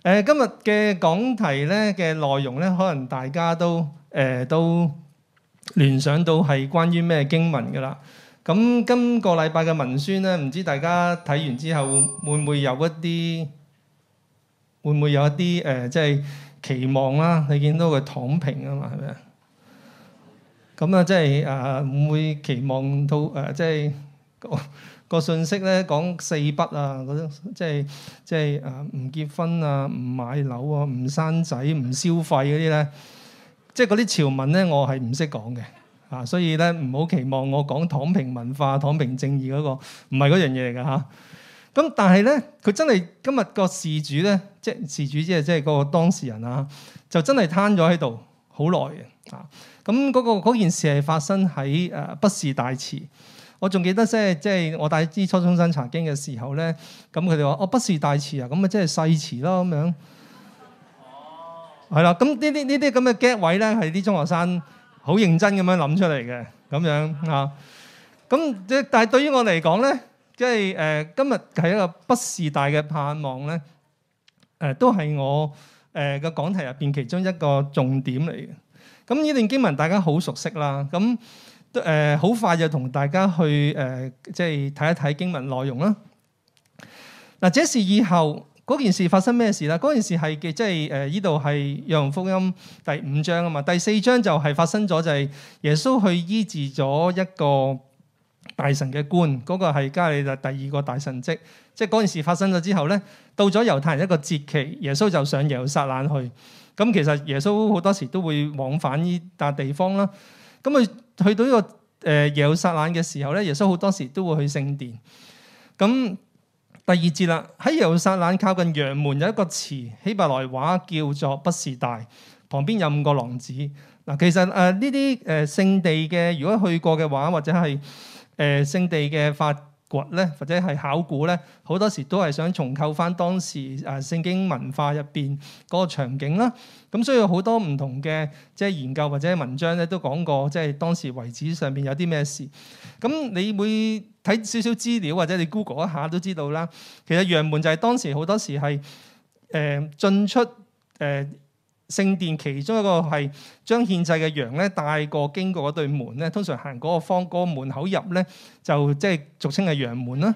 誒、呃、今日嘅講題咧嘅內容咧，可能大家都誒、呃、都聯想到係關於咩經文嘅啦。咁、嗯、今個禮拜嘅文宣咧，唔知大家睇完之後會唔會有一啲，會唔會有一啲誒、呃，即係期望啦？你見到佢躺平啊嘛，係咪啊？咁、嗯、啊，即係唔、呃、會，會期望到誒、呃，即係。個信息咧講四不啊，啲即係即係啊，唔結婚啊，唔買樓啊，唔生仔，唔消費嗰啲咧，即係嗰啲潮文咧，我係唔識講嘅啊，所以咧唔好期望我講躺平文化、躺平正義嗰、那個，唔係嗰樣嘢嚟㗎吓。咁、啊、但係咧，佢真係今日個事主咧，即係事主即係即係個當事人啊，就真係攤咗喺度好耐嘅啊。咁、那、嗰個嗰件事係發生喺誒畢士大池。我仲記得即係即係我帶啲初中生查經嘅時候咧，咁佢哋話我不是大詞啊，咁啊即係細詞咯咁樣，係啦、哦，咁呢啲呢啲咁嘅 get 位咧，係啲中學生好認真咁樣諗出嚟嘅，咁樣啊，咁即但係對於我嚟講咧，即係誒、呃、今日係一個不是大嘅盼望咧，誒、呃、都係我誒嘅、呃、講題入邊其中一個重點嚟嘅。咁、嗯、呢段經文大家好熟悉啦，咁、嗯。誒好、呃、快就同大家去誒、呃，即係睇一睇經文內容啦。嗱，這事以後嗰件事發生咩事啦？嗰件事係嘅，即係誒依度係《約、呃、翰福音》第五章啊嘛。第四章就係發生咗，就係、是、耶穌去醫治咗一個大臣嘅官，嗰、那個係加利亞第二個大神跡。即係嗰件事發生咗之後咧，到咗猶太人一個節期，耶穌就上耶路撒冷去。咁其實耶穌好多時都會往返呢笪地方啦。咁佢去到呢個誒耶路撒冷嘅時候咧，耶穌好多時都會去聖殿。咁第二節啦，喺耶路撒冷靠近羊門有一個池，希伯來話叫做不是大，旁邊有五個廊子。嗱，其實誒呢啲誒聖地嘅，如果去過嘅話，或者係誒聖地嘅法。掘咧，或者係考古咧，好多時都係想重構翻當時誒聖、呃、經文化入邊嗰個場景啦。咁、嗯、所以好多唔同嘅即係研究或者文章咧，都講過即係當時遺址上邊有啲咩事。咁、嗯、你會睇少少資料或者你 Google 一下都知道啦。其實羊門就係當時好多時係誒進出誒。呃聖殿其中一個係將獻祭嘅羊咧，帶過經過嗰對門咧，通常行嗰個方嗰、嗰個門口入咧，就即係俗稱係羊門啦。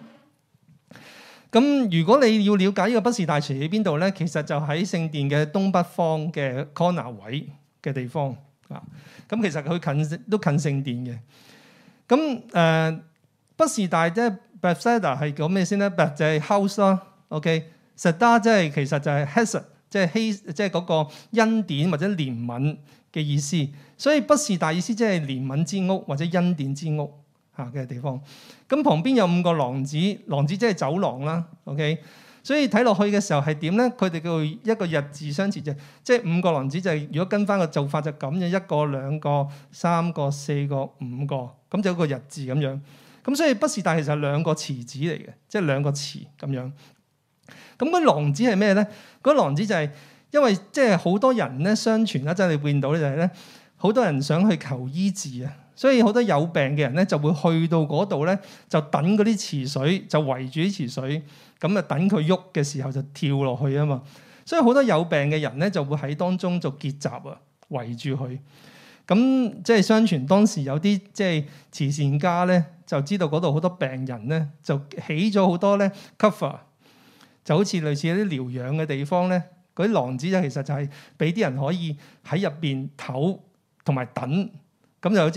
咁如果你要了解個呢個不是大廚喺邊度咧，其實就喺聖殿嘅東北方嘅 corner 位嘅地方啊。咁其實佢近都近聖殿嘅。咁誒、呃，不是大即係 Bethesda，啊 okay? Sda 係講咩先咧？Beth 就係 house 啦。OK，Sadda 即係其實就係 Hess 即係希，即係嗰個恩典或者憐憫嘅意思。所以不是大意思，即係憐憫之屋或者恩典之屋嚇嘅地方。咁旁邊有五個廊子，廊子即係走廊啦。OK，所以睇落去嘅時候係點咧？佢哋叫一個日字相似啫，即係五個廊子就係如果跟翻個做法就咁樣一個兩個三個四個五個，咁就一個日字咁樣。咁所以不是大其實係兩個池子嚟嘅，即係兩個池咁樣。咁嗰廊子係咩咧？嗰廊子就係因為即係好多人咧相傳啦，即係你見到咧就係咧，好多人想去求醫治啊，所以好多有病嘅人咧就會去到嗰度咧就等嗰啲池水就圍住啲池水，咁啊等佢喐嘅時候就跳落去啊嘛，所以好多有病嘅人咧就會喺當中就結集啊，圍住佢，咁即係相傳當時有啲即係慈善家咧就知道嗰度好多病人咧就起咗好多咧 cover。就好似類似一啲療養嘅地方咧，嗰啲廊子咧其實就係俾啲人可以喺入邊唞同埋等，咁就好似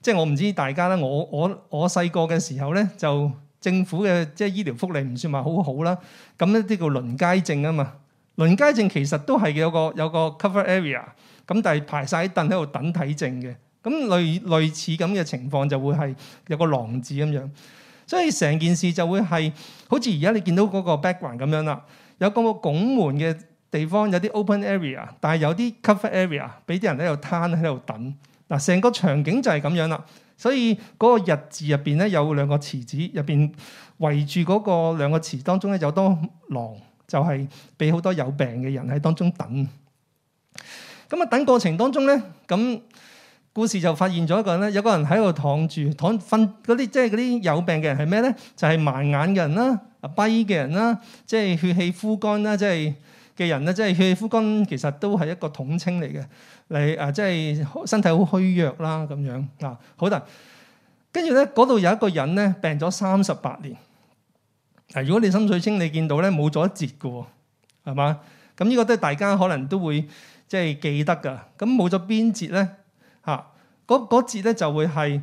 即係我唔知大家啦，我我我細個嘅時候咧，就政府嘅即係醫療福利唔算話好好啦，咁呢啲叫輪街症啊嘛，輪街症其實都係有個有個 cover area，咁但係排晒喺凳喺度等睇症嘅，咁類類似咁嘅情況就會係有個廊子咁樣。所以成件事就會係好似而家你見到嗰個 background 咁樣啦，有個拱門嘅地方，有啲 open area，但係有啲 cover area 俾啲人喺度攤喺度等。嗱，成個場景就係咁樣啦。所以嗰個日字入邊咧有兩個池子，入邊圍住嗰個兩個池當中咧有多廊，就係俾好多有病嘅人喺當中等。咁啊，等過程當中咧咁。故事就發現咗一個人咧，有個人喺度躺住躺瞓嗰啲，即係嗰啲有病嘅人係咩咧？就係盲眼嘅人啦，跛嘅人啦，即係血氣枯乾啦，即係嘅人咧，即係血氣枯乾其實都係一個統稱嚟嘅，你，啊即係身體好虛弱啦咁樣啊。好大。跟住咧嗰度有一個人咧病咗三十八年。啊嗱，如果你心水清，你見到咧冇咗一節嘅喎，係嘛？咁呢個都係大家可能都會即係記得㗎。咁冇咗邊節咧？嗰節咧就會係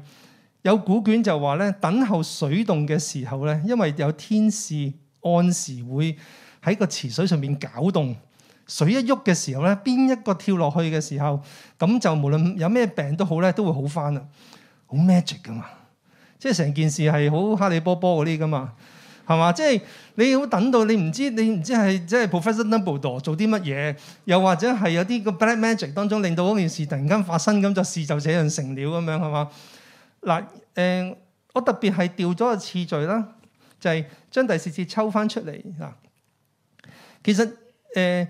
有古卷就話咧，等候水動嘅時候咧，因為有天使按時會喺個池水上面攪動，水一喐嘅時候咧，邊一個跳落去嘅時候，咁就無論有咩病都好咧，都會好返啦，好 magic 噶嘛，即係成件事係好哈利波波嗰啲噶嘛。係嘛？即係你要等到你唔知，你唔知係即係 Professor Dumbledore 做啲乜嘢，又或者係有啲個 black magic 當中令到嗰件事突然間發生咁，就事就這樣成了咁樣，係嘛？嗱，誒、呃，我特別係調咗個次序啦，就係、是、將第四節抽翻出嚟嗱。其實誒、呃，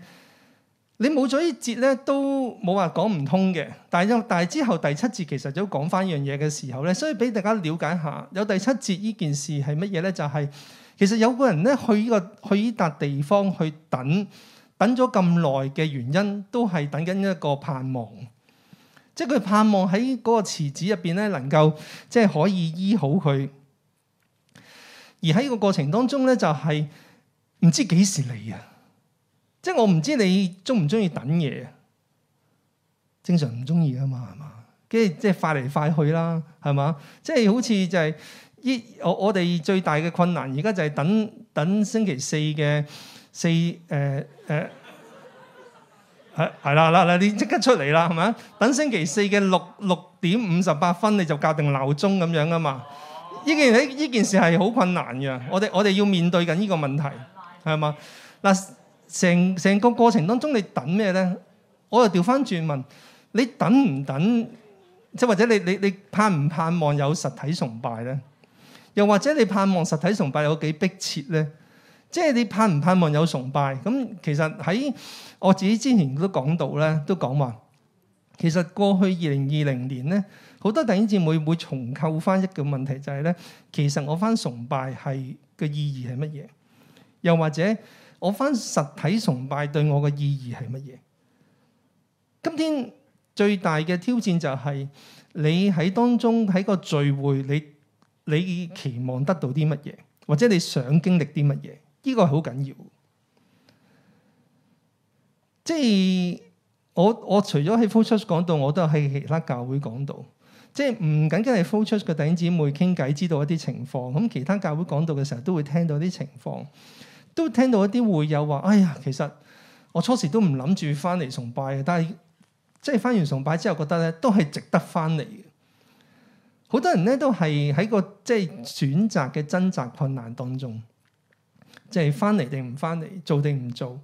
你冇咗呢節咧，都冇話講唔通嘅。但係之後，但係之後第七節其實都講翻呢樣嘢嘅時候咧，所以俾大家了解下，有第七節呢件事係乜嘢咧？就係、是。其實有個人咧去呢，這個去呢笪地方去等，等咗咁耐嘅原因，都係等緊一個盼望。即係佢盼望喺嗰個池子入邊咧，能夠即係可以醫好佢。而喺呢個過程當中咧，就係、是、唔知幾時嚟啊。即係我唔知你中唔中意等嘢啊，正常唔中意噶嘛係嘛？即係即係快嚟快去啦，係嘛？即係好似就係、是。呢，我我哋最大嘅困難而家就係等，等星期四嘅四，誒誒，係係啦啦啦，你即刻出嚟啦係咪？等星期四嘅、呃呃、六六點五十八分，你就校定鬧鐘咁樣噶嘛？呢件，喺呢件事係好困難嘅、嗯，我哋我哋要面對緊呢個問題係嘛？嗱，成成個過程當中你等咩咧？我又調翻轉問你等唔等？即係或者你你你盼唔盼望有實體崇拜咧？又或者你盼望實體崇拜有幾迫切咧？即係你盼唔盼望有崇拜？咁其實喺我自己之前都講到咧，都講話，其實過去二零二零年咧，好多弟兄姊妹會唔會重構翻一個問題，就係咧，其實我翻崇拜係嘅意義係乜嘢？又或者我翻實體崇拜對我嘅意義係乜嘢？今天最大嘅挑戰就係你喺當中喺個聚會你。你期望得到啲乜嘢，或者你想經歷啲乜嘢？呢個係好緊要。即係我我除咗喺 flow church 講到，我都喺其他教會講到。即係唔僅僅係 flow church 嘅弟兄姊妹傾偈，知道一啲情況。咁其他教會講到嘅時候，都會聽到啲情況，都聽到一啲會友話：哎呀，其實我初時都唔諗住翻嚟崇拜嘅，但係即係翻完崇拜之後，覺得咧都係值得翻嚟。好多人咧都係喺個即係、就是、選擇嘅掙扎困難當中，即係翻嚟定唔翻嚟，做定唔做？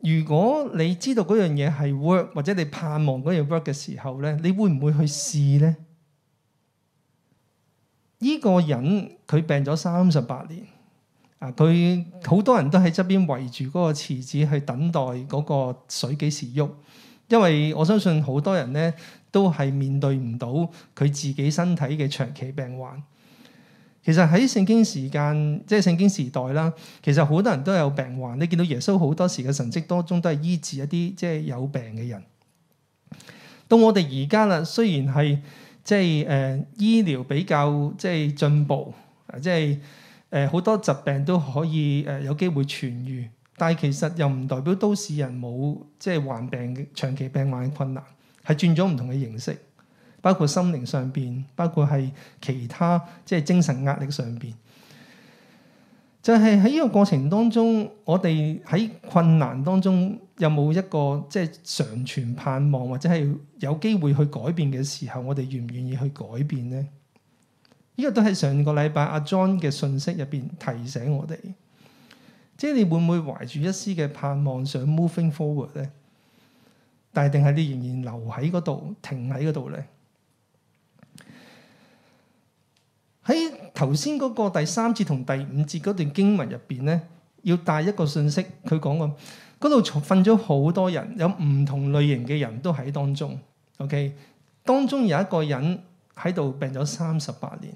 如果你知道嗰樣嘢係 work 或者你盼望嗰樣 work 嘅時候咧，你會唔會去試咧？呢、這個人佢病咗三十八年，啊，佢好多人都喺側邊圍住嗰個池子去等待嗰個水幾時喐。因為我相信好多人咧都係面對唔到佢自己身體嘅長期病患。其實喺聖經時間，即係聖經時代啦，其實好多人都有病患。你見到耶穌好多時嘅神跡當中都係醫治一啲即係有病嘅人。到我哋而家啦，雖然係即係誒、呃、醫療比較即係進步，即係誒好多疾病都可以誒、呃、有機會痊癒。但係其實又唔代表都市人冇即係患病嘅、長期病患嘅困難，係轉咗唔同嘅形式，包括心靈上邊，包括係其他即係、就是、精神壓力上邊。就係喺呢個過程當中，我哋喺困難當中有冇一個即係、就是、常存盼望，或者係有機會去改變嘅時候，我哋願唔願意去改變咧？呢、這個都係上個禮拜阿 John 嘅信息入邊提醒我哋。即係你會唔會懷住一絲嘅盼望想 moving forward 咧？但係定係你仍然留喺嗰度，停喺嗰度咧？喺頭先嗰個第三節同第五節嗰段經文入邊咧，要帶一個信息。佢講過，嗰度瞓咗好多人，有唔同類型嘅人都喺當中。OK，當中有一個人喺度病咗三十八年。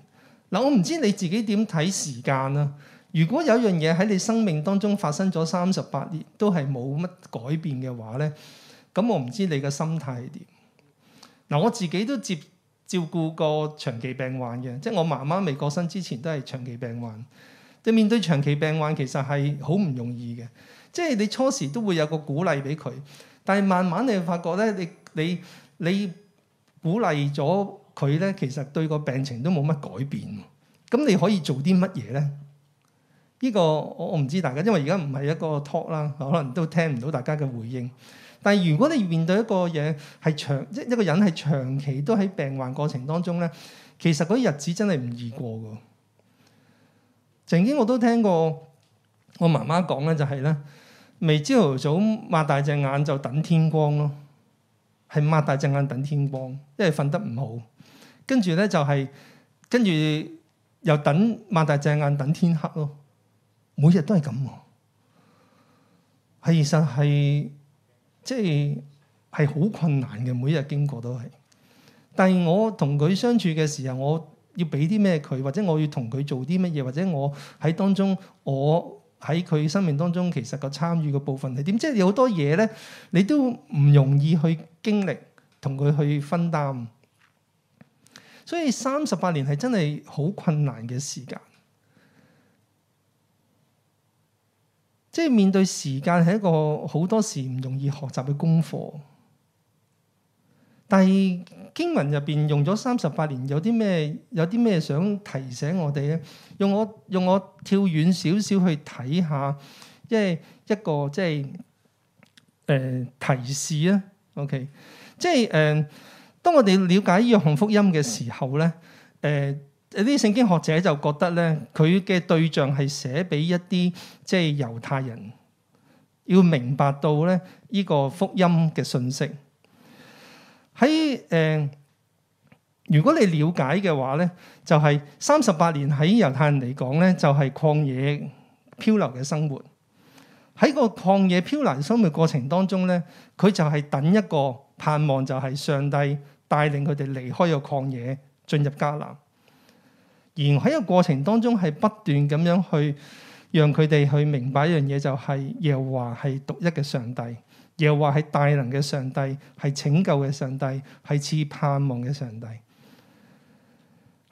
嗱，我唔知你自己點睇時間啊。如果有樣嘢喺你生命當中發生咗三十八年都係冇乜改變嘅話咧，咁我唔知你嘅心態係點。嗱，我自己都接照顧過長期病患嘅，即係我媽媽未過身之前都係長期病患。對面對長期病患其實係好唔容易嘅，即係你初時都會有個鼓勵俾佢，但係慢慢你會發覺咧，你你你鼓勵咗佢咧，其實對個病情都冇乜改變。咁你可以做啲乜嘢咧？呢個我我唔知大家，因為而家唔係一個 talk 啦，可能都聽唔到大家嘅回應。但係如果你面對一個嘢係長一一個人係長期都喺病患過程當中咧，其實嗰啲日子真係唔易過噶。曾經我都聽過我媽媽講咧，就係咧每朝頭早擘大隻眼就等天光咯，係擘大隻眼等天光，因為瞓得唔好，跟住咧就係跟住又等擘大隻眼等天黑咯。每日都係咁，其實係即係係好困難嘅，每日經過都係。但係我同佢相處嘅時候，我要俾啲咩佢，或者我要同佢做啲乜嘢，或者我喺當中，我喺佢生命當中，其實個參與嘅部分係點？即係有好多嘢咧，你都唔容易去經歷，同佢去分擔。所以三十八年係真係好困難嘅時間。即係面對時間係一個好多時唔容易學習嘅功課，但係經文入邊用咗三十八年，有啲咩有啲咩想提醒我哋咧？用我用我跳遠少少去睇下，即係一個即係誒、呃、提示啊。OK，即係誒、呃，當我哋了解約翰福音嘅時候咧，誒、呃。啲聖經學者就覺得咧，佢嘅對象係寫俾一啲即係猶太人，要明白到咧呢、這個福音嘅信息。喺誒、呃，如果你了解嘅話咧，就係三十八年喺猶太人嚟講咧，就係、是、曠野漂流嘅生活。喺個曠野漂流生活過程當中咧，佢就係等一個盼望，就係上帝帶領佢哋離開個曠野，進入迦南。而喺個過程當中，係不斷咁樣去讓佢哋去明白一樣嘢，就係耶和華係獨一嘅上帝，耶和華係大能嘅上帝，係拯救嘅上帝，係賜盼望嘅上帝。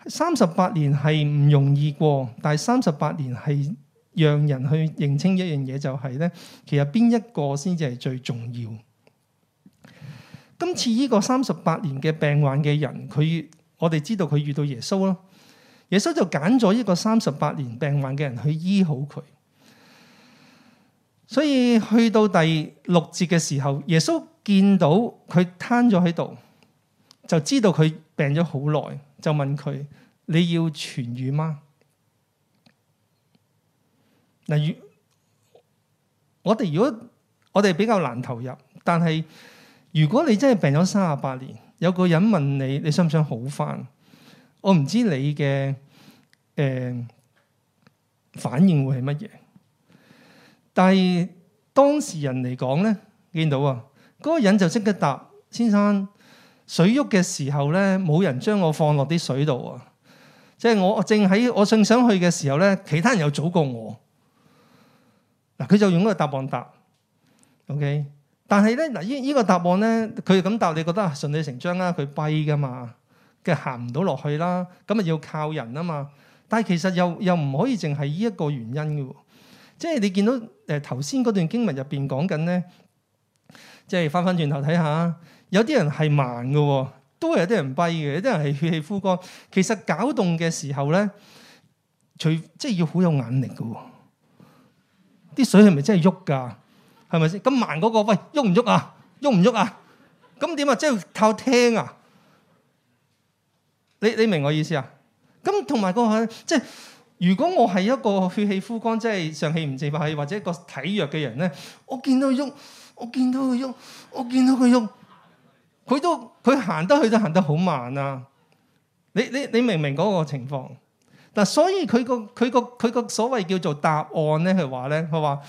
三十八年係唔容易過，但係三十八年係讓人去認清一樣嘢，就係咧，其實邊一個先至係最重要。今次呢個三十八年嘅病患嘅人，佢我哋知道佢遇到耶穌啦。耶穌就揀咗一個三十八年病患嘅人去醫好佢，所以去到第六節嘅時候，耶穌見到佢癱咗喺度，就知道佢病咗好耐，就問佢：你要痊愈嗎？嗱，如我哋如果我哋比較難投入，但係如果你真係病咗三十八年，有個人問你，你想唔想好返？我唔知你嘅誒、呃、反應會係乜嘢，但係當事人嚟講咧，見到啊，嗰、嗰個人就即刻答：先生，水喐嘅時候咧，冇人將我放落啲水度啊！即係我正喺我正想去嘅時候咧，其他人又早過我。嗱，佢就用個答案答，OK 但，但係咧嗱，依依個答案咧，佢咁答，你覺得啊，順理成章啦，佢跛㗎嘛。佢行唔到落去啦，咁啊要靠人啊嘛。但係其實又又唔可以淨係呢一個原因嘅、哦，即係你見到誒頭先嗰段經文入邊講緊咧，即係翻翻轉頭睇下，有啲人係盲嘅、哦，都係有啲人跛嘅，有啲人係血氣枯乾。其實攪動嘅時候咧，除即係要好有眼力嘅、哦，啲水係咪真係喐噶？係咪先？咁盲嗰、那個喂，喐唔喐啊？喐唔喐啊？咁點啊？即係靠聽啊？你你明我意思啊？咁同埋嗰個即係，如果我係一個血氣枯乾，即係上氣唔接下氣，或者一個體弱嘅人咧，我見到喐，我見到佢喐，我見到佢喐，佢都佢行得去都行得好慢啊！你你你明唔明嗰個情況？嗱，所以佢個佢個佢個所謂叫做答案咧，佢話咧，佢話：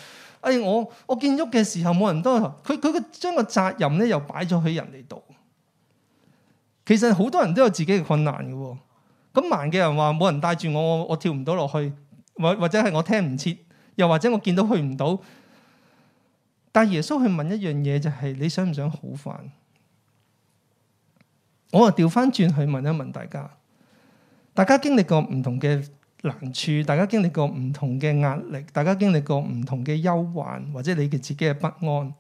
哎，我我見喐嘅時候冇人多，佢佢個將個責任咧又擺咗喺人哋度。其實好多人都有自己嘅困難嘅，哦，咁盲嘅人話冇人帶住我，我，我跳唔到落去，或或者係我聽唔切，又或者我見到去唔到。但耶穌去問一樣嘢就係、是、你想唔想好返？我啊調返轉去問一問大家，大家經歷過唔同嘅難處，大家經歷過唔同嘅壓力，大家經歷過唔同嘅憂患，或者你嘅自己嘅不安。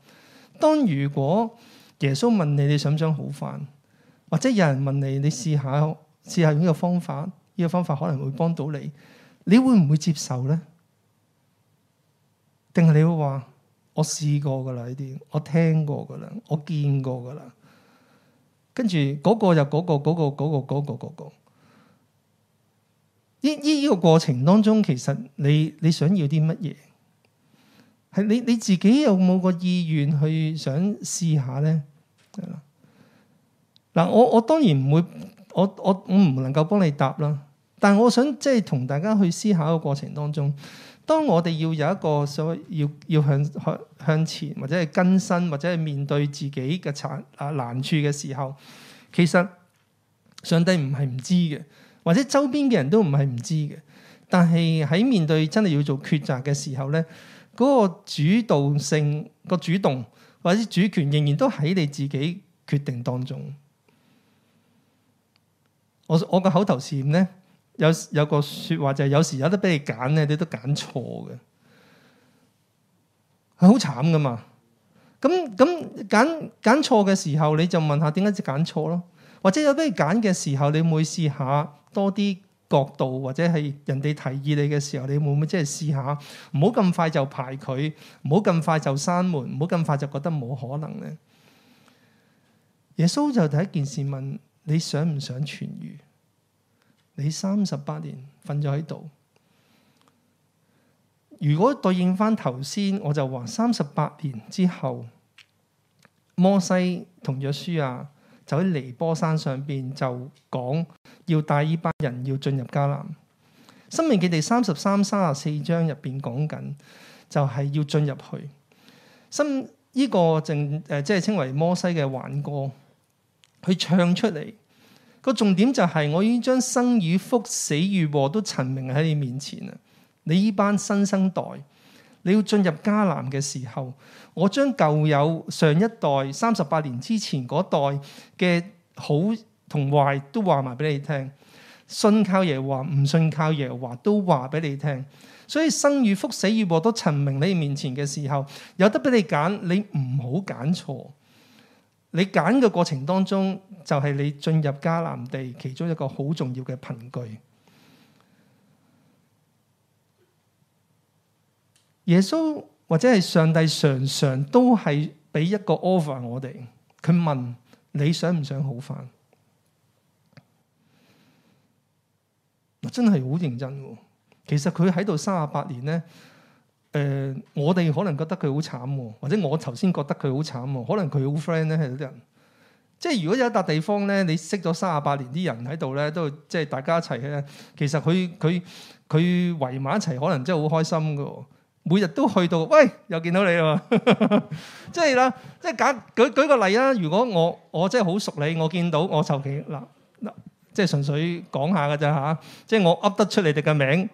當如果耶穌問你，你想唔想好返？或者有人問你，你試下試下用呢個方法，呢個方法可能會幫到你，你會唔會接受咧？定係你會話我試過噶啦，呢啲，我聽過噶啦，我見過噶啦。跟住嗰個就嗰個嗰個嗰個嗰個嗰個。呢呢呢個過程當中，其實你你想要啲乜嘢？係你你自己有冇個意願去想試下咧？係啦。嗱，我我當然唔會，我我我唔能夠幫你答啦。但係我想即係同大家去思考嘅過程當中，當我哋要有一個所謂要要向向向前或者係更新或者係面對自己嘅殘啊難處嘅時候，其實上帝唔係唔知嘅，或者周邊嘅人都唔係唔知嘅。但係喺面對真係要做抉擇嘅時候咧，嗰個主導性、個主動或者主權仍然都喺你自己決定當中。我我個口頭禪咧，有有個說話就係有時有得俾你揀咧，你都揀錯嘅，係好慘噶嘛。咁咁揀揀錯嘅時候，你就問下點解就揀錯咯。或者有得俾你揀嘅時候，你會唔會試下多啲角度，或者係人哋提議你嘅時候，你會唔會即係試下？唔好咁快就排佢，唔好咁快就閂門，唔好咁快就覺得冇可能咧。耶穌就第一件事問。你想唔想痊愈？你三十八年瞓咗喺度。如果對應翻頭先，我就話三十八年之後，摩西同約書亞就喺尼波山上邊就講要帶呢班人要進入迦南。申命記第三十三、三十四章入邊講緊，就係要進入去。申呢、這個正誒、呃，即係稱為摩西嘅挽歌。佢唱出嚟，個重點就係我已經將生與福、死與禍都陳明喺你面前啦。你呢班新生代，你要進入迦南嘅時候，我將舊有上一代三十八年之前嗰代嘅好同壞都話埋俾你聽。信靠耶和華，唔信靠耶和華都話俾你聽。所以生與福、死與禍都陳明喺你面前嘅時候，有得俾你揀，你唔好揀錯。你揀嘅過程當中，就係、是、你進入迦南地其中一個好重要嘅憑據。耶穌或者係上帝常常都係俾一個 offer 我哋，佢問你想唔想好返？真係好認真。其實佢喺度三十八年呢。誒、呃，我哋可能覺得佢好慘、哦，或者我頭先覺得佢好慘、哦，可能佢好 friend 咧，係啲人。即係如果有一笪地方咧，你識咗卅八年啲人喺度咧，都即係大家一齊咧。其實佢佢佢圍埋一齊，可能真係好開心噶、哦。每日都去到，喂，又見到你啊！ 即係啦，即係假舉舉個例啦。如果我我真係好熟你，我見到我求其嗱嗱，即係純粹講下噶咋吓。即係我噏得出你哋嘅名，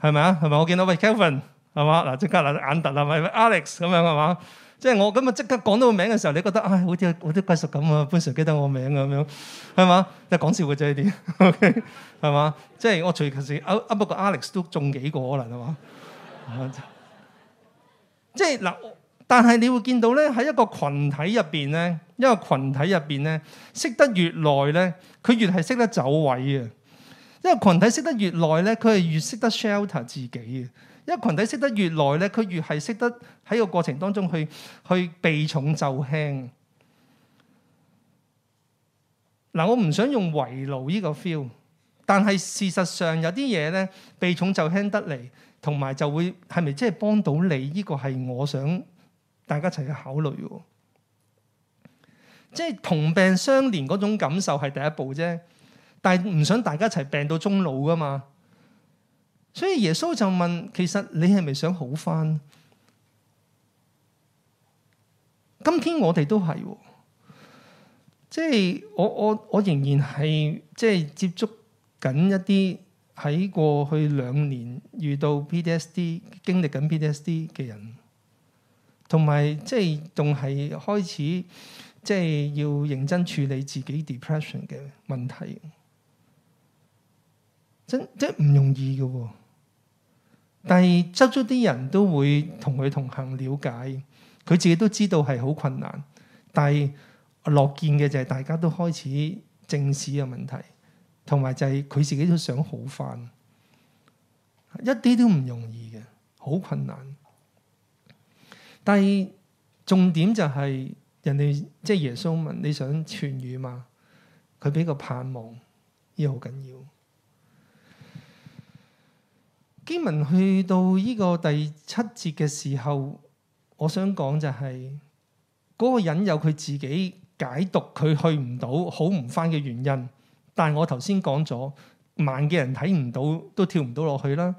係咪啊？係咪我見到喂 Kelvin？係嘛？嗱，即刻嗱，眼凸啦，咪 Alex 咁樣係嘛？即係我咁啊！即刻講到個名嘅時候，你覺得啊，好似好似怪熟咁啊，潘 sir 記得我名咁樣，係嘛？即係講笑嘅啫吧，呢啲 o 係嘛？即、就、係、是、我隨時揀不過 Alex 都中幾個可能係嘛？即係嗱，但係你會見到咧，喺一個群體入邊咧，一個群體入邊咧，識得越耐咧，佢越係識得走位嘅。因為群體識得越耐咧，佢係越識得 shelter 自己嘅。因為群體識得越耐咧，佢越係識得喺個過程當中去去避重就輕。嗱，我唔想用圍爐呢個 feel，但係事實上有啲嘢咧，避重就輕得嚟，同埋就會係咪即係幫到你？呢個係我想大家一齊去考慮。即係同病相連嗰種感受係第一步啫，但係唔想大家一齊病到終老噶嘛。所以耶穌就問：其實你係咪想好返？今天我哋都係、哦，即係我我我仍然係即係接觸緊一啲喺過去兩年遇到 PDSD 經歷緊 PDSD 嘅人，同埋即係仲係開始即係要認真處理自己 depression 嘅問題。真真唔容易嘅喎、哦。但係執足啲人都會同佢同行了解，佢自己都知道係好困難。但係樂見嘅就係大家都開始正視嘅問題，同埋就係佢自己都想好返，一啲都唔容易嘅，好困難。但係重點就係人哋即係耶穌問你想痊癒嘛，佢俾個盼望，呢個好緊要。經文去到呢個第七節嘅時候，我想講就係嗰個人有佢自己解讀佢去唔到、好唔返嘅原因。但係我頭先講咗，慢嘅人睇唔到都跳唔到落去啦。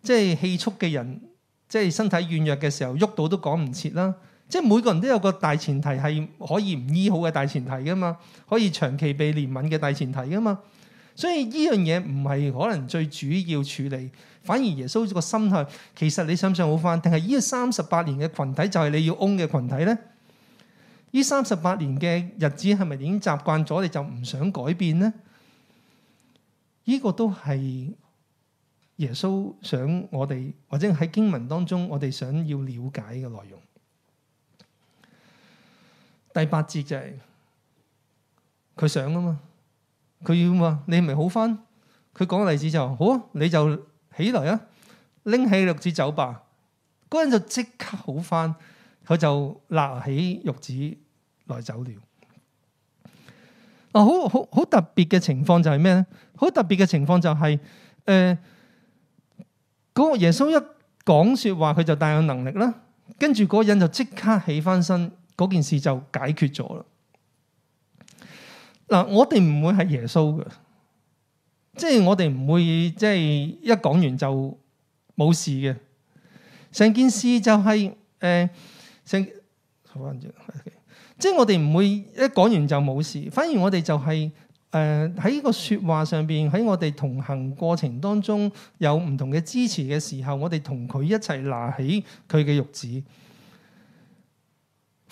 即係氣促嘅人，即係身體軟弱嘅時候，喐到都講唔切啦。即係每個人都有個大前提係可以唔醫好嘅大前提㗎嘛，可以長期被憐憫嘅大前提㗎嘛。所以呢樣嘢唔係可能最主要處理。反而耶穌個心態，其實你想唔想好翻，定係呢三十八年嘅群體就係你要 on 嘅群體咧？呢三十八年嘅日子係咪已經習慣咗，你就唔想改變咧？呢、呢個都係耶穌想我哋，或者喺經文當中我哋想要了解嘅內容。第八節就係、是、佢想啊嘛，佢要啊嘛，你係咪好翻，佢講例子就是、好啊，你就。起來啊！拎起褥子走吧，嗰人就即刻好返，佢就立起褥子來走了。啊，好好好特別嘅情況就係咩咧？好特別嘅情況就係、是，誒、呃，嗰、那個耶穌一講說話，佢就帶有能力啦，跟住嗰人就即刻起返身，嗰件事就解決咗啦。嗱、啊，我哋唔會係耶穌㗎。即係我哋唔會即係一講完就冇事嘅，成件事就係、是、誒，成、呃嗯，即係我哋唔會一講完就冇事，反而我哋就係誒喺個說話上邊，喺我哋同行過程當中有唔同嘅支持嘅時候，我哋同佢一齊拿起佢嘅褥子。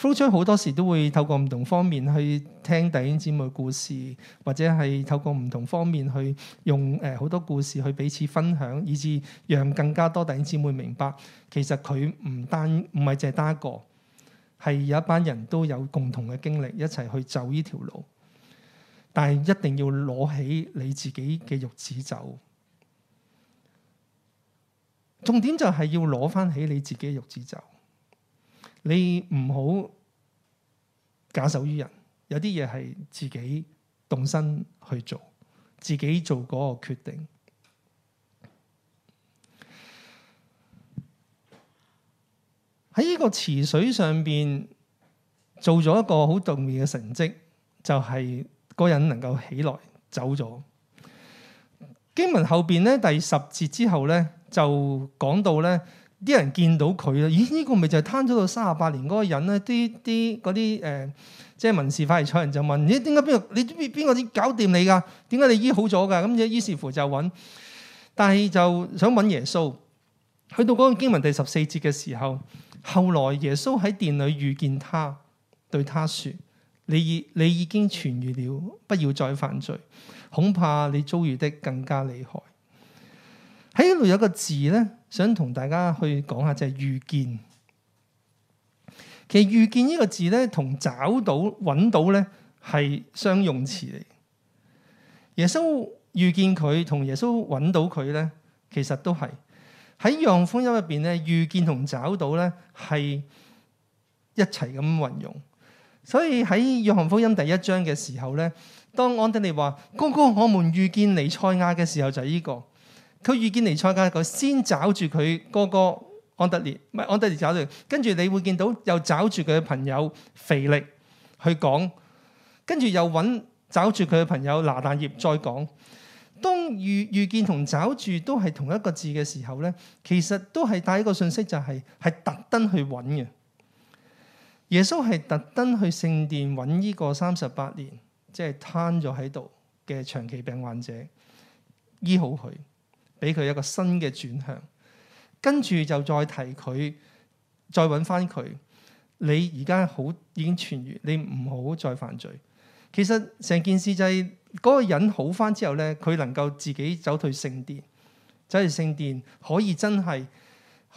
付出好多時都會透過唔同方面去聽弟兄姊妹故事，或者係透過唔同方面去用誒好、呃、多故事去彼此分享，以致讓更加多弟兄姊妹明白，其實佢唔單唔係淨係單一個，係有一班人都有共同嘅經歷，一齊去走呢條路。但係一定要攞起你自己嘅褥子走，重點就係要攞翻起你自己嘅褥子走。你唔好假手於人，有啲嘢係自己動身去做，自己做嗰個決定。喺呢個池水上邊做咗一個好重要嘅成績，就係、是、嗰人能夠起來走咗。經文後邊咧第十節之後咧就講到咧。啲人見到佢啦，咦？這個、是是呢個咪就係攤咗到三十八年嗰個人咧？啲啲嗰啲誒，即係民事法事人就問：咦？點解邊個？你知唔知邊個啲搞掂你㗎？點解你醫好咗㗎？咁於是乎就揾，但係就想揾耶穌。去到嗰個經文第十四節嘅時候，後來耶穌喺殿裏遇見他，對他説：你你已經痊愈了，不要再犯罪，恐怕你遭遇的更加厲害。喺呢度有個字咧。想同大家去講下，就係、是、遇見。其實遇見呢個字咧，同找到、揾到咧係相用詞嚟。耶穌遇見佢，同耶穌揾到佢咧，其實都係喺約翰福音入邊咧，遇見同找到咧係一齊咁運用。所以喺約翰福音第一章嘅時候咧，當安德烈話：哥哥，我們遇見彌賽亞嘅時候，就係呢、這個。佢遇見尼賽格，佢先找住佢哥哥安德烈，唔係安德烈找住，跟住你會見到又找住佢嘅朋友腓力去講，跟住又揾找住佢嘅朋友拿但業，業再講。當遇遇見同找住都係同一個字嘅時候呢，其實都係帶一個信息，就是個，就係係特登去揾嘅。耶穌係特登去聖殿揾呢個三十八年即係攤咗喺度嘅長期病患者醫好佢。俾佢一個新嘅轉向，跟住就再提佢，再揾翻佢。你而家好已經痊愈，你唔好再犯罪。其實成件事就係、是、嗰、那個人好翻之後呢，佢能夠自己走退聖殿，走退聖殿可以真係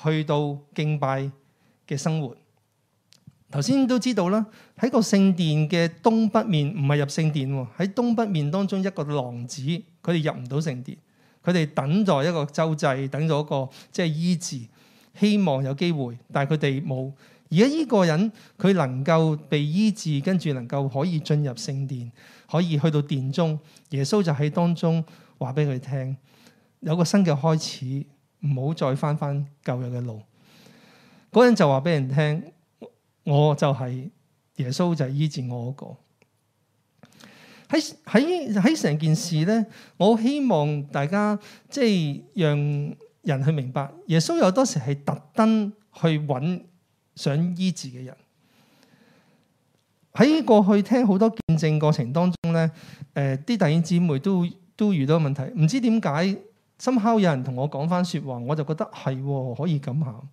去到敬拜嘅生活。頭先都知道啦，喺個聖殿嘅東北面唔係入聖殿喎，喺東北面當中一個廊子，佢哋入唔到聖殿。佢哋等待一個周制，等咗一個即係醫治，希望有機會，但係佢哋冇。而家呢個人佢能夠被醫治，跟住能夠可以進入聖殿，可以去到殿中，耶穌就喺當中話俾佢聽，有個新嘅開始，唔好再翻返舊日嘅路。嗰人就話俾人聽，我就係耶穌，就係醫治我嗰個。喺喺喺成件事咧，我希望大家即係讓人去明白，耶穌有多時係特登去揾想醫治嘅人。喺過去聽好多見證過程當中咧，誒、呃，啲弟兄姊妹都都遇到問題，唔知點解，深宵有人同我講翻說話，我就覺得係、哦、可以咁行。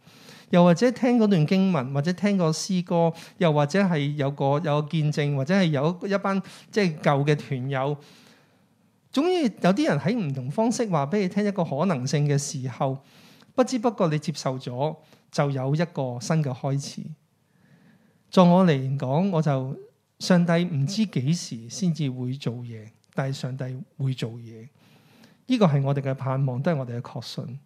又或者聽嗰段經文，或者聽個詩歌，又或者係有個有個見證，或者係有一班即係舊嘅團友，總之有啲人喺唔同方式話俾你聽一個可能性嘅時候，不知不覺你接受咗，就有一個新嘅開始。在我嚟講，我就上帝唔知幾時先至會做嘢，但係上帝會做嘢，呢個係我哋嘅盼望，都係我哋嘅確信。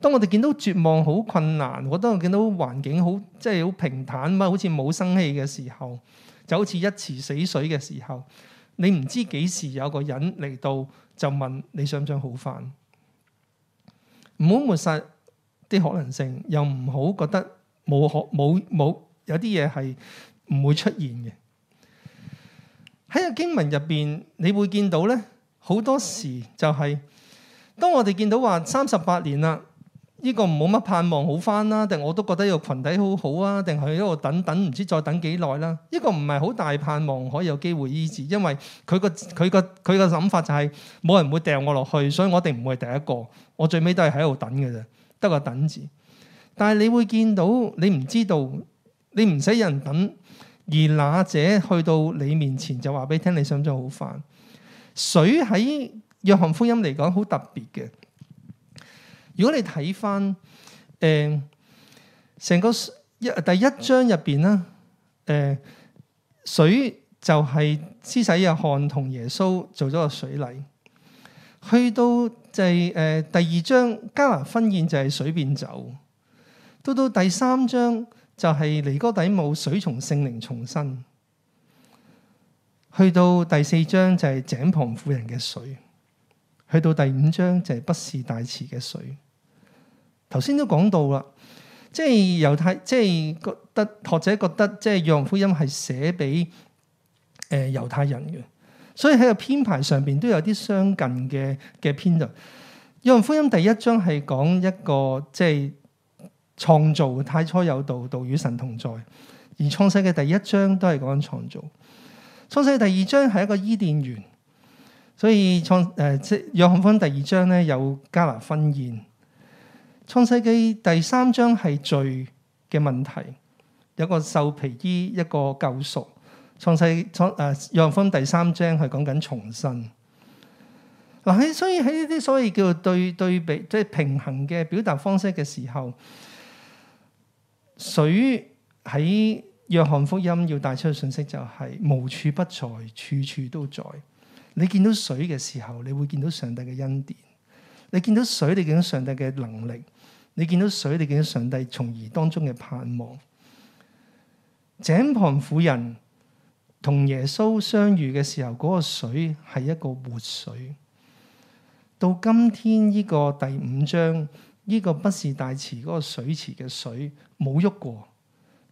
當我哋見到絕望好困難，我當我見到環境好即係好平坦，乜好似冇生氣嘅時候，就好似一池死水嘅時候，你唔知幾時有個人嚟到就問你想唔想好返？唔好抹殺啲可能性，又唔好覺得冇可冇冇有啲嘢係唔會出現嘅。喺個經文入邊，你會見到咧好多時就係、是、當我哋見到話三十八年啦。呢個冇乜盼望好翻啦，定我都覺得個群體好好啊？定係喺度等等，唔知再等幾耐啦？呢個唔係好大盼望可以有機會醫治，因為佢個佢個佢個諗法就係冇人會掉我落去，所以我哋唔會係第一個，我最尾都係喺度等嘅啫，得個等字。但係你會見到，你唔知道，你唔使有人等，而那者去到你面前就話俾你聽你想唔想好翻？水喺約翰福音嚟講好特別嘅。如果你睇翻誒成個一第一章入邊咧，誒、呃、水就係施洗約翰同耶穌做咗個水禮，去到就係、是、誒、呃、第二章加拿婚宴就係水變酒，到到第三章就係尼哥底母水從聖靈重生，去到第四章就係井旁婦人嘅水。去到第五章就係、是、不是大池嘅水。頭先都講到啦，即係猶太，即係覺得學者覺得，即係《約翰福音》係寫俾誒猶太人嘅，所以喺個編排上邊都有啲相近嘅嘅編就。《約翰福音》第一章係講一個即係創造，太初有道，道與神同在。而《創世記》第一章都係講創造，《創世記》第二章係一個伊甸園。所以創誒即約翰福音第二章咧，有加拿婚宴，創世記第三章係罪嘅問題，有一個獸皮衣，一個救贖。創世創誒約翰福音第三章係講緊重生。嗱，喺所以喺呢啲所謂叫做對對比，即係平衡嘅表達方式嘅時候，水喺約翰福音要帶出嘅信息就係無處不在，處處都在。你見到水嘅時候，你會見到上帝嘅恩典；你見到水，你見到上帝嘅能力；你見到水，你見到上帝，從而當中嘅盼望。井旁婦人同耶穌相遇嘅時候，嗰個水係一個活水。到今天呢個第五章，呢個不是大池嗰個水池嘅水冇喐過，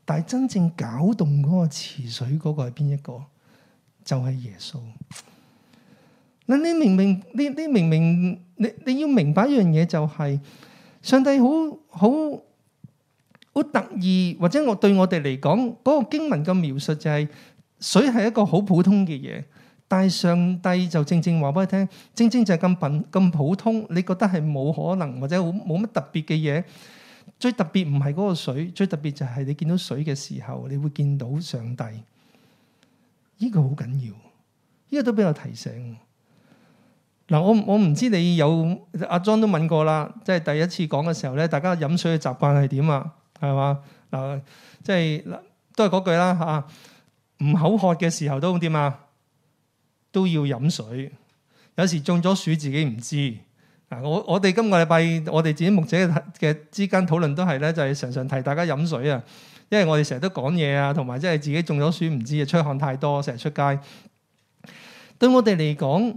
但係真正攪動嗰個池水嗰個係邊一個？就係耶穌。嗱，你明明，你你明明，你你要明白一樣嘢，就係上帝好好好特意，或者我對我哋嚟講嗰個經文嘅描述就係水係一個好普通嘅嘢，但係上帝就正正話俾你聽，正正就係咁笨咁普通，你覺得係冇可能或者好冇乜特別嘅嘢。最特別唔係嗰個水，最特別就係你見到水嘅時候，你會見到上帝。呢個好緊要，呢個都俾我提醒。嗱，我我唔知你有阿莊、啊、都問過啦，即係第一次講嘅時候咧，大家飲水嘅習慣係點啊？係嘛？嗱，即係嗱，都係嗰句啦嚇，唔、啊、口渴嘅時候都點啊？都要飲水。有時中咗暑自己唔知。嗱，我我哋今個禮拜我哋自己牧者嘅之間討論都係咧，就係、是、常常提大家飲水啊。因為我哋成日都講嘢啊，同埋即係自己中咗暑唔知啊，出汗太多，成日出街。對我哋嚟講。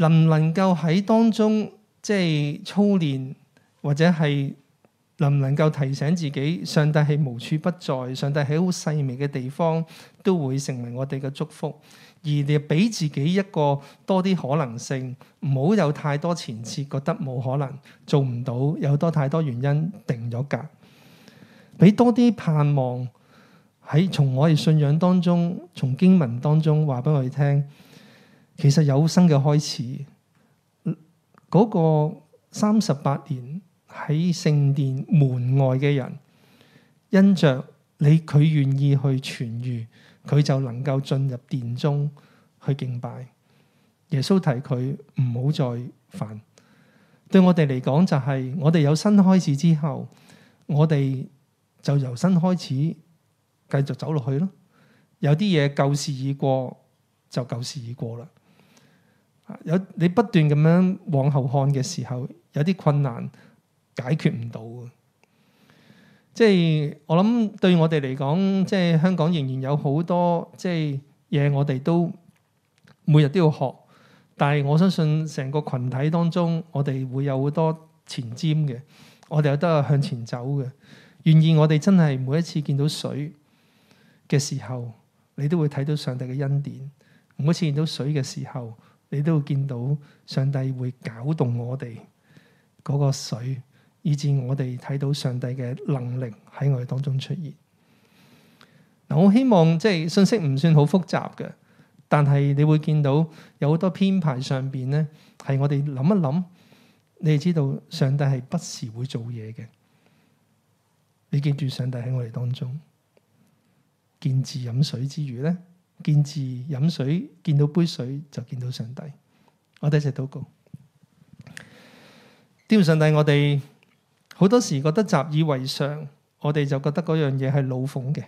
能唔能夠喺當中即係操練，或者係能唔能夠提醒自己，上帝係無處不在，上帝喺好細微嘅地方都會成為我哋嘅祝福，而你俾自己一個多啲可能性，唔好有太多前設，覺得冇可能做唔到，有多太多原因定咗格，俾多啲盼望喺從我哋信仰當中，從經文當中話俾我哋聽。其實有新嘅開始，嗰個三十八年喺聖殿門外嘅人，因着你佢願意去痊癒，佢就能夠進入殿中去敬拜。耶穌提佢唔好再犯。對我哋嚟講就係，我哋有新開始之後，我哋就由新開始繼續走落去咯。有啲嘢舊事已過，就舊事已過啦。有你不斷咁樣往後看嘅時候，有啲困難解決唔到嘅。即係我諗，對我哋嚟講，即係香港仍然有好多即係嘢，我哋都每日都要學。但係我相信，成個群體當中，我哋會有好多前瞻嘅，我哋有得向前走嘅。願意我哋真係每一次見到水嘅時候，你都會睇到上帝嘅恩典；每一次見到水嘅時候。你都會見到上帝會攪動我哋嗰個水，以致我哋睇到上帝嘅能力喺我哋當中出現。嗱，我希望即係信息唔算好複雜嘅，但係你會見到有好多編排上邊咧，係我哋諗一諗，你哋知道上帝係不時會做嘢嘅。你記住上帝喺我哋當中，見字飲水之餘咧。見字飲水，見到杯水就見到上帝。我哋一齊禱告。天父上帝，我哋好多時覺得習以為常，我哋就覺得嗰樣嘢係老奉嘅。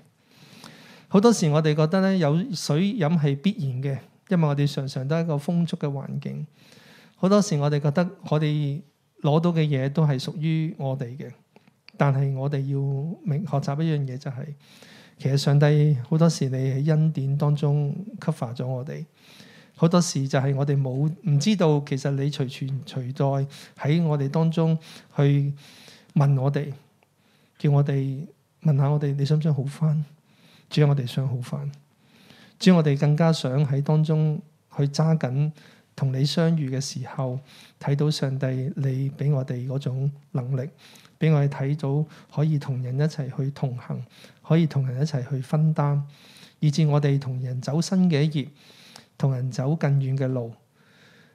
好多時我哋覺得咧有水飲係必然嘅，因為我哋常常都係一個豐足嘅環境。好多時我哋覺得我哋攞到嘅嘢都係屬於我哋嘅，但係我哋要明學習一樣嘢就係、是。其實上帝好多時，你喺恩典當中 cover 咗我哋，好多時就係我哋冇，唔知道，其實你隨存隨在喺我哋當中去問我哋，叫我哋問下我哋，你想唔想好翻？只要我哋想好翻，只要我哋更加想喺當中去揸緊同你相遇嘅時候，睇到上帝你俾我哋嗰種能力。俾我哋睇到可以同人一齊去同行，可以同人一齊去分擔，以至我哋同人走新嘅一頁，同人走更遠嘅路。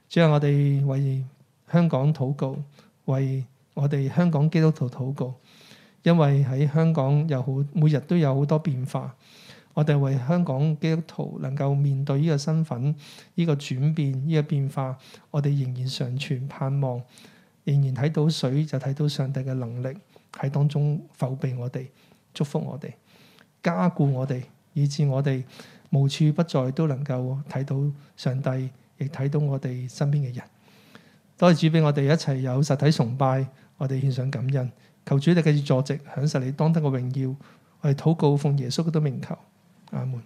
最後我哋為香港禱告，為我哋香港基督徒禱告，因為喺香港有好每日都有好多變化。我哋為香港基督徒能夠面對呢個身份、呢個轉變、呢個變化，我哋仍然常存盼望。仍然睇到水就睇到上帝嘅能力喺當中，覆庇我哋，祝福我哋，加固我哋，以致我哋無處不在都能夠睇到上帝，亦睇到我哋身邊嘅人。多謝主俾我哋一齊有實體崇拜，我哋獻上感恩，求主你繼續坐席，享受你當得嘅榮耀。我哋禱告奉耶穌基督名求，阿門。